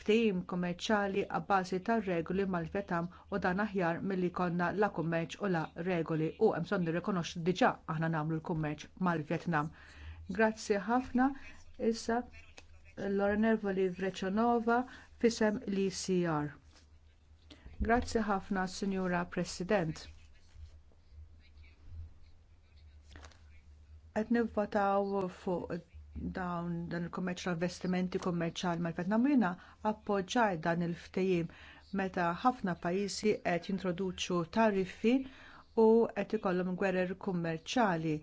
ftehim kummerċjali abbażi tar-regoli mal vjetnam u dan aħjar milli jkollna la kummerċ u la regoli u hemm bżonn nirrikonoxxu diġà aħna nagħmlu l-kummerċ mal-Vjetnam. Grazzi ħafna Issa l-Orenervoli Vreċanova fisem l-ICR. Grazzi ħafna, Sinjura President. Qed nivvotaw fuq dawn dan il-kommerċ investimenti kummerċjali mal-Vietnam jiena appoġġaj dan il-ftehim meta ħafna pajjiżi qed jintroduċu tariffi u qed ikollhom gwerer kummerċjali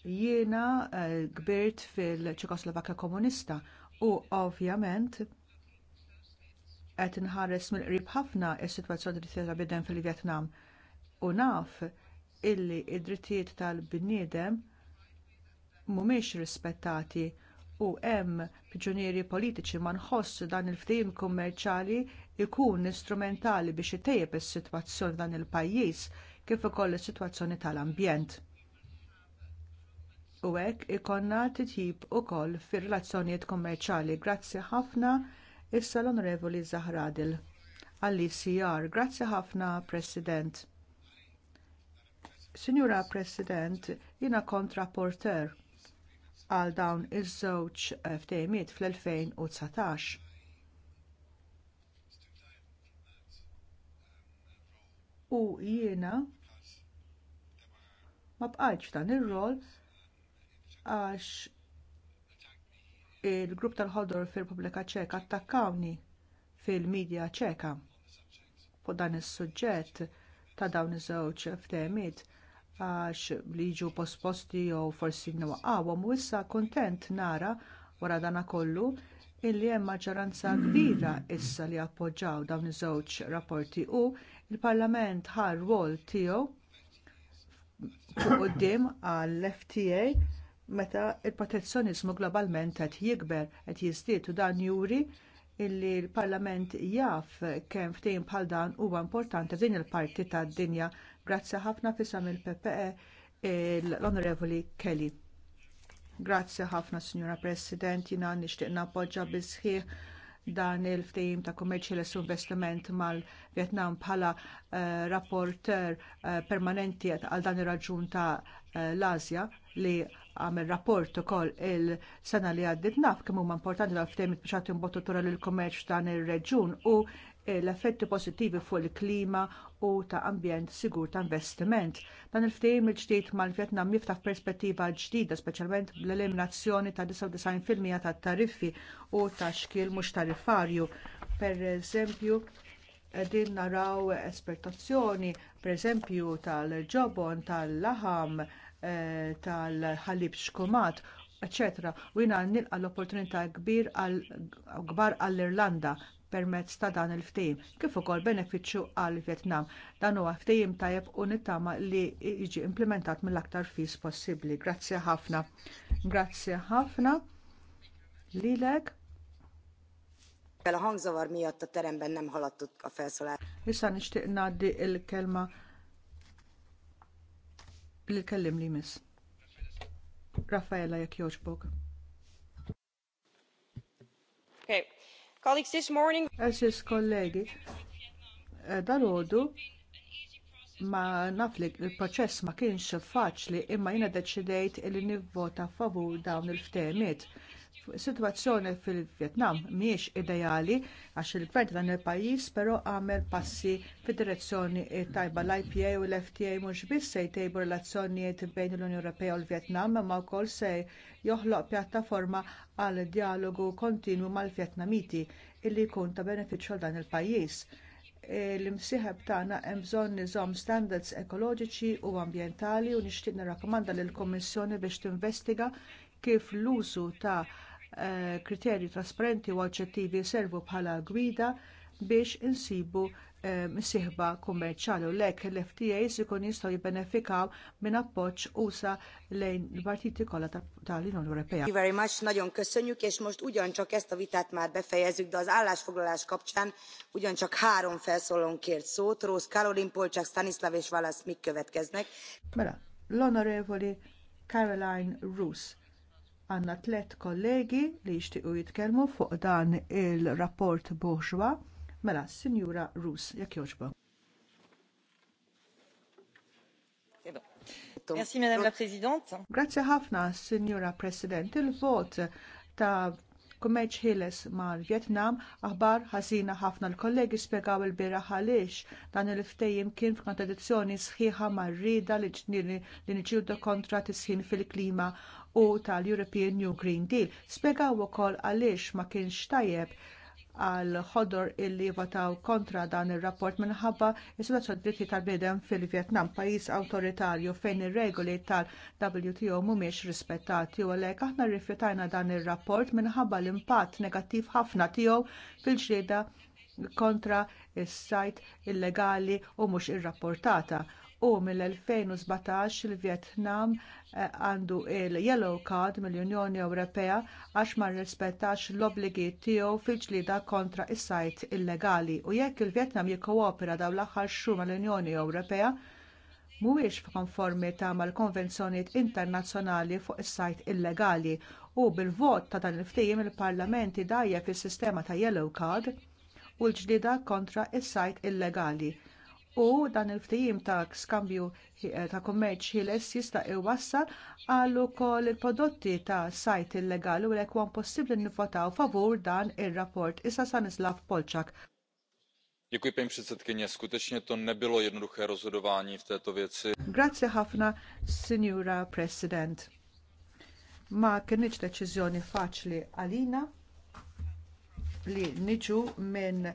Jiena kbirt eh, fil-Ċekoslovakja komunista u ovvjament qed inħares mill-qrib ħafna s-sitwazzjoni li tista' bidem fil-Vjetnam u naf illi id-drittijiet tal-bniedem mhumiex rispettati u hemm priġunieri politiċi ma nħoss dan il-ftehim kummerċjali jkun instrumentali biex itejjeb is-sitwazzjoni dan il-pajjiż kif ukoll is-sitwazzjoni tal-ambjent u hekk ikonna titjib ukoll fir-relazzjonijiet kummerċjali. Grazzi ħafna issa l-Onorevoli Zahradil. għall cr grazzi ħafna President. Sinjura President, jiena kontraporter għal dawn iż-żewġ ftehimiet fl-2019. U jiena ma bqajtx dan ir-rol għax il-grupp tal-ħodor fil-Repubblika Ċeka attakkawni fil-medja ċeka fuq dan is-suġġett ta' dawn iż-żewġ ftehmiet għax li jiġu posposti jew forsi nwaqgħu. u issa kuntent nara wara dana kollu illi hemm maġġoranza kbira issa li appoġġaw dawn iż-żewġ rapporti u l parlament ħar rwol tiegħu fuq quddiem għall-FTA meta l protezzjonizmu globalment qed jikber qed jiżdied u dan juri illi l-Parlament jaf kemm ftehim bħal dan huwa importanti f'din il-parti tad-dinja. Grazzi ħafna fisam il-PPE l-Onorevoli Kelly. Grazzi ħafna, Signora President, jina nixtieq nappoġġa bi sħiħ dan il-ftehim ta' commercial investiment mal-Vietnam bħala uh, rapporter uh, permanenti għal dan ir-raġun ta' uh, eh, l-Asja li għamil rapport ukoll il-sena li għaddit naf kemm huma importanti għal ftehmet biex għatim tura lill kummerċ dan ir-reġun u l-effetti pożittivi fuq il-klima u ta' ambjent sigur ta' investiment. Dan il-ftehim il-ġdid mal-Vjetnam jiftaħ perspettiva ġdida, speċjalment bl-eliminazzjoni ta' 99% tat tariffi u ta' xkil mhux tariffarju. pereżempju qegħdin naraw esportazzjoni, pereżempju tal-ġobon, tal-laħam, tal tal laħam Eh, tal-ħalib xkomat, etc. U jina nilqa l-opportunità kbir kbar għall-Irlanda permezz ta' dan il-ftehim, kif ukoll benefiċċju għall vjetnam Dan huwa ftehim tajjeb u nittama li jiġi implementat mill-aktar fis possibbli. Grazzi ħafna. Grazzi ħafna. Lilek. Issa nixtieq ngħaddi l kelma li kellim li miss. Raffaella jek joġbog. Okay. Colleagues, this morning... Aziz kollegi, eh, dan ħodu ma naf li il-proċess ma kienx faċli imma jina deċidejt il nivvota favur dawn il-ftemiet Situazzjoni fil-Vietnam mhijiex ideali għax il-gvern dan il-pajjiż però għamel passi fid-direzzjoni tajba l-IPA u l-FTA mhux biss se jtejbu relazzjonijiet bejn l-Unjoni Ewropea u l-Vjetnam imma wkoll se joħloq pjattaforma għal dijalogu kontinwu mal-Vjetnamiti illi jkun ta' benefiċċju għal dan il-pajjiż. L-imsieħeb tagħna hemm bżonn niżomm standards ekoloġiċi u ambjentali u nixtieq nirrakkomanda lill kummissjoni biex tinvestiga kif l-użu ta' Eh, kriterji trasparenti u oġġettivi servu bħala gwida biex insibu eh, msiħba kummerċjali u lek l-FTAs ikun jistgħu jibbenefikaw minn appoġġ usa lejn il-partiti kollha tal-Unjoni Ewropea. Thank you very much, nagyon köszönjük, és most ugyancsak ezt a vitát már befejezzük, de az állásfoglalás kapcsán ugyancsak három felszólalón kért szót, Rósz Karolin, Polcsák, Stanislav és Válasz mik következnek. Mela, l-Onorevoli Caroline Roos Għanna tlet kollegi li jixtiequ jitkellmu fuq dan il-rapport bourgeois mela Sinjura Rus, jekk joġba. Merci Madame la Présidente. Grazie ħafna, Sinjura President. Il-vot ta' kummeċ ħiles mal Vjetnam aħbar ħażina ħafna l-kollegi spjegaw il-bira għaliex dan il-ftejim kien f'kontradizzjoni sħiħa mar-rida li ġniri li niġildu kontra tisħin fil-klima u tal-European New Green Deal. Spjegaw ukoll għaliex ma kienx tajjeb għal ħodor illi votaw kontra dan ir rapport minħabba is-situazzjoni dritti tal-bidem fil-Vjetnam, pajjiż awtoritarju fejn ir-regoli tal-WTO mhumiex rispettati u għalhekk aħna rrifjutajna dan ir-rapport minħabba l-impatt negattiv ħafna tiegħu fil-ġrieda kontra s-sajt illegali u mhux irrapportata u mill-2017 il-Vjetnam eh, għandu l yellow Card mill-Unjoni Ewropea għax ma rrispettax l obbligi tiegħu fil-ġlida kontra s sajt illegali u jekk il-Vjetnam jikkoopera dawn l-aħħar xhur mal-Unjoni Ewropea mhuwiex f'konformità mal-konvenzjonijiet internazzjonali fuq is-sajt illegali u bil-vot ta' dan il-ftehim il-Parlament idajja fis-sistema ta' Yellow Card u l-ġlida kontra s sajt illegali u dan il-ftijim ta' skambju eh, ta' kummerċ ħieles jista' iwassal għal ukoll il-prodotti ta' sajt illegali u lek għan possibli nifotaw favur dan ir-rapport. Issa Sanislav Polczak. Děkuji, paní předsedkyně. Skutečně to nebylo jednoduché rozhodování v této věci. Grazie ħafna, signora President. Ma kinitx deċiżjoni faċli għalina li niġu minn eh,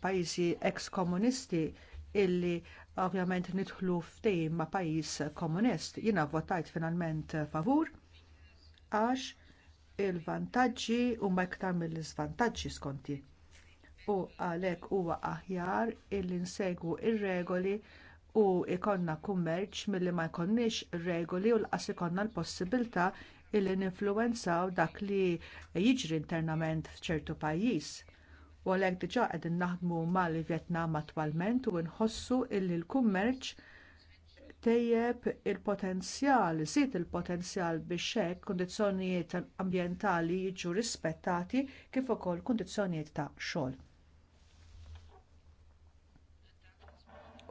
pajjiżi ex-komunisti illi ovvjament nidħlu ftehim ma' pajjiż komunist. Jiena votajt finalment favur għax il-vantaġġi huma iktar mill-iżvantaġġi skonti. U għalhekk huwa aħjar illi nsegwu r regoli u ikonna kummerċ milli ma jkollniex regoli u l-qas ikonna l-possibilità illi ninfluwenzaw dak li jiġri internament f'ċertu pajjiż. U għalhekk diġà qegħdin naħdmu mal-Vjetnam attwalment u nħossu illi l-kummerċ tejjeb il-potenzjal, zid il-potenzjal biex hekk kundizzjonijiet ambjentali jiġu rispettati kif ukoll kundizzjonijiet ta' xogħol.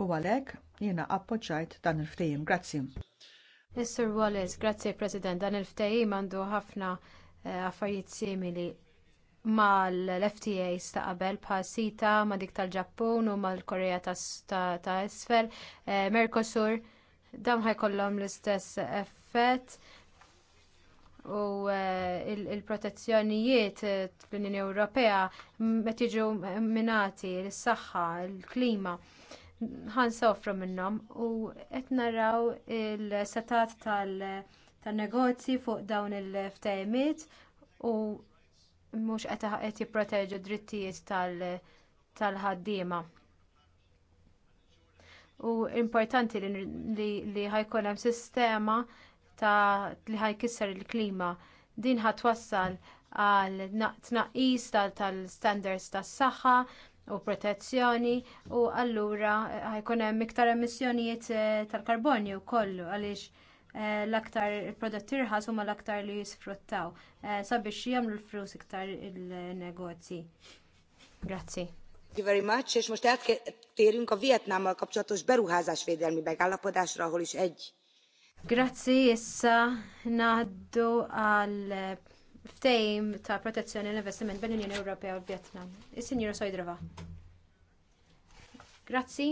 U għalhekk jiena appoġġajt dan il-ftehim. Grazzi. Mr. Wallace, grazzi President, dan il-ftehim għandu ħafna eh, affarijiet simili mal-FTAs ta' qabel bħal sita ma' dik tal-Ġappun u mal-Korea ta' Isfel, eh, Mercosur, dawn ħajkollhom l-istess effett u eh, il-protezzjonijiet eh, fl-Unjoni Ewropea qed jiġu minati l-saħħa, il-klima ħan sofru minnhom u qed naraw il-setat tan negozji fuq dawn il-ftehimiet u mhux qed qed jipproteġu drittijiet tal-ħaddiema. U importanti li ħajkun hemm sistema ta' li ħajkisser il-klima. Din ħatwassal għal tnaqqis tal-standards tas-saħħa u protezzjoni u allura ħajkun hemm iktar emissjonijiet eh, tal-karbonju kollu għaliex Eh, l-aktar prodotti irħas huma l-aktar li jisfruttaw eh, sabiex jagħmlu l-flus iktar il-negozji. Grazzi. Thank you very much, és most eltérünk a Vietnámmal kapcsolatos beruházásvédelmi megállapodásra, ahol is egy. Grazzi, issa naddu għal eh, ftejm ta' protezzjoni l-investiment bil-Unjoni Ewropea u vietnam Is-Sinjura Sojdrova. Grazzi.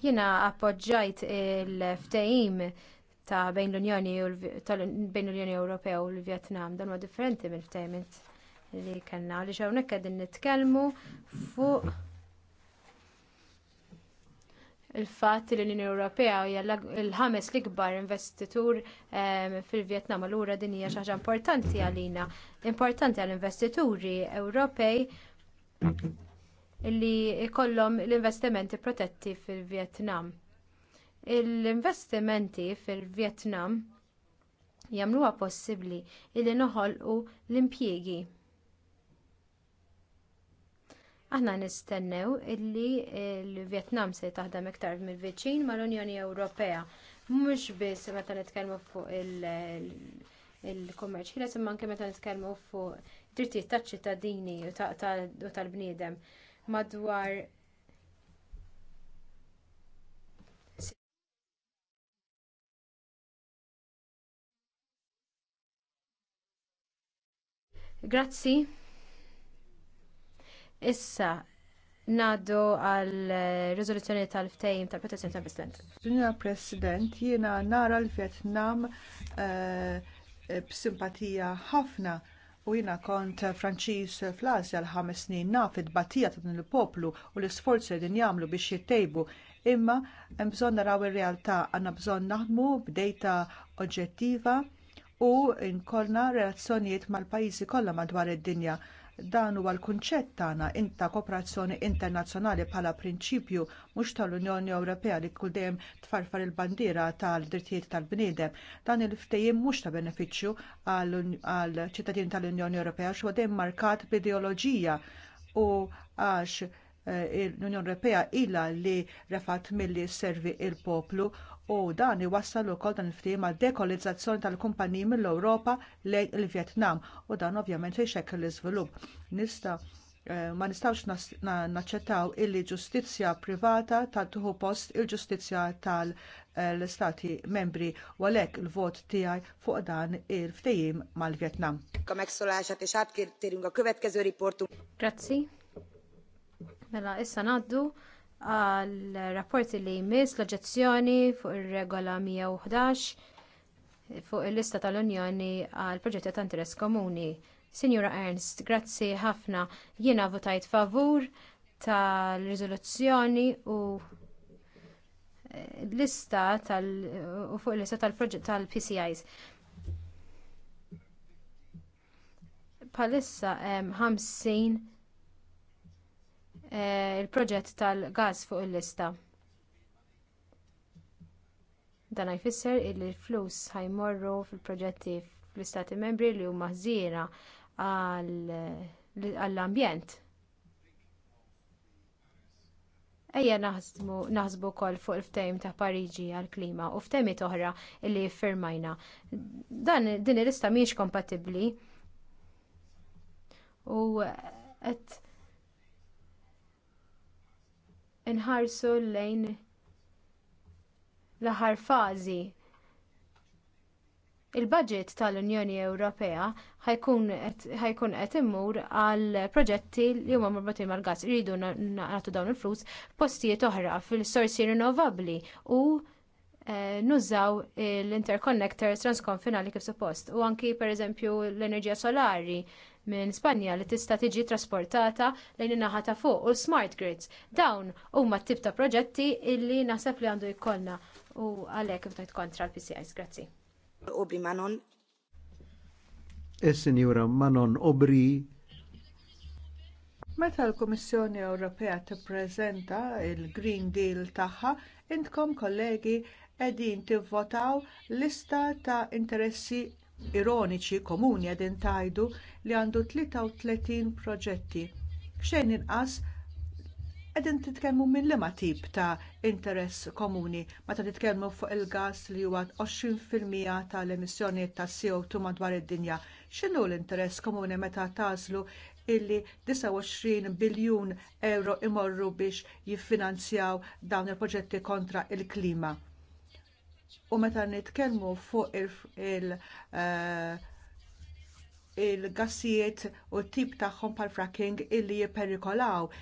Jiena appoġġajt il-ftehim ta' bejn l-Unjoni Ewropea u l-Vjetnam dan huwa differenti mill-ftehimiet li kellna għaliex hawnhekk qegħdin nitkellmu fuq il-fatt li l-Unjoni Ewropea hija l-ħames l-ikbar investitur ehm, fil-Vjetnam allura din hija xi ħaġa importanti għalina, importanti għall-investituri Ewropej li jkollhom l-investimenti protetti fil-Vjetnam. L-investimenti fil-Vjetnam jagħmluha possibbli li noħolqu l-impjiegi. Aħna nistennew illi l-Vjetnam se taħdem iktar mill-viċin mal-Unjoni Ewropea. Mhux biss meta nitkellmu fuq il-kummerċ ħieles imma anke meta nitkellmu fuq drittijiet taċ-ċittadini u tal-bniedem madwar Grazzi. Issa, nadu għal rizoluzzjoni tal-ftejim tal-protezzjoni tal-President. Signora President, jiena nara l-Vietnam eh, b'simpatija ħafna u jiena kont Franċiż fl l-ħames snin naf id batija ta' din il-poplu u l-isforzi li jagħmlu biex jittejbu imma hemm bżonn naraw ir-realtà għandna bżonn naħdmu b'dejta oġġettiva u nkollna relazzjonijiet mal-pajjiżi kollha madwar id-dinja Dan huwa l-kunċett tagħna inta kooperazzjoni internazzjonali bħala prinċipju mhux tal-Unjoni Ewropea li kull dejjem tfarfar il-bandiera tal-drittijiet tal-bniedem. Dan il-ftehim mhux ta' benefiċċju għall ċittadin tal-Unjoni Ewropea x'huwa dejjem markat b'ideoloġija u għax eh, l-Unjoni Ewropea ilha li refat milli sservi l poplu u dan iwassal ukoll dan il-ftehim għal dekolizzazzjoni tal-kumpaniji mill-Ewropa lejn il-Vjetnam u dan ovvjament jxekkel l-iżvilupp. Nista' eh, ma nistgħux naċċettaw illi ġustizzja privata tal tuħu post il-ġustizzja tal-Stati eh, membri u għalhekk il-vot tiegħi fuq dan il-ftehim mal-Vjetnam. Grazzi. Mela issa għal rapporti li jmiss l-oġezzjoni fuq ir-regola 111 fuq il-lista tal-Unjoni għal proġetti ta' interess komuni. Signora Ernst, grazzi ħafna. Jiena votajt favur tal-riżoluzzjoni u eh, lista tal u fuq il-lista tal-proġett tal-PCIs. Palissa hemm 50 Eh, il-proġett tal gass fuq il-lista. Dan jfisser li l-flus ħajmorru fil-proġetti fl-istati membri li huma ħżiera għall-ambjent. Ejja naħsbu wkoll fuq il-ftejm ta' Pariġi għall-klima u ftehimiet oħra li firmajna. Dan din il-lista mhijiex kompatibbli u eh, inħarsu lejn l-aħħar fażi il-budget tal-Unjoni Ewropea ħajkun qed immur għal proġetti li huma marbutin mal-gas iridu nagħtu dawn il-flus postijiet oħra fil-sorsi rinnovabbli u eh, nużaw l-interconnectors transkonfinali kif suppost u anki pereżempju l-enerġija solari minn Spanja li tista' tiġi trasportata lejn in-naħa ta' fuq u smart grids. Dawn huma t-tip ta' proġetti illi naħseb li għandu jkollna u għalhekk intajt kontra l-PCIs. Grazzi. Obri Manon. Is-Sinjura eh, Manon Obri Meta l-Kummissjoni Ewropea tippreżenta l green Deal tagħha, intkom kollegi qegħdin tivvotaw lista ta' interessi ironiċi komuni qegħdin tgħidu li għandu 33 proġetti. Xejn inqas qegħdin titkellmu minn liema tip ta' interess komuni meta titkellmu fuq il-gas li huwa 20% tal-emissjonijiet ta' CO2 madwar id-dinja. X'inhu l-interess komuni meta tażlu illi 29 biljun euro imorru biex jiffinanzjaw dawn il-proġetti kontra l il klima U meta nitkellmu fuq il-, il uh, il-gassijiet u t-tip tagħhom pal fracking illi jipperikolaw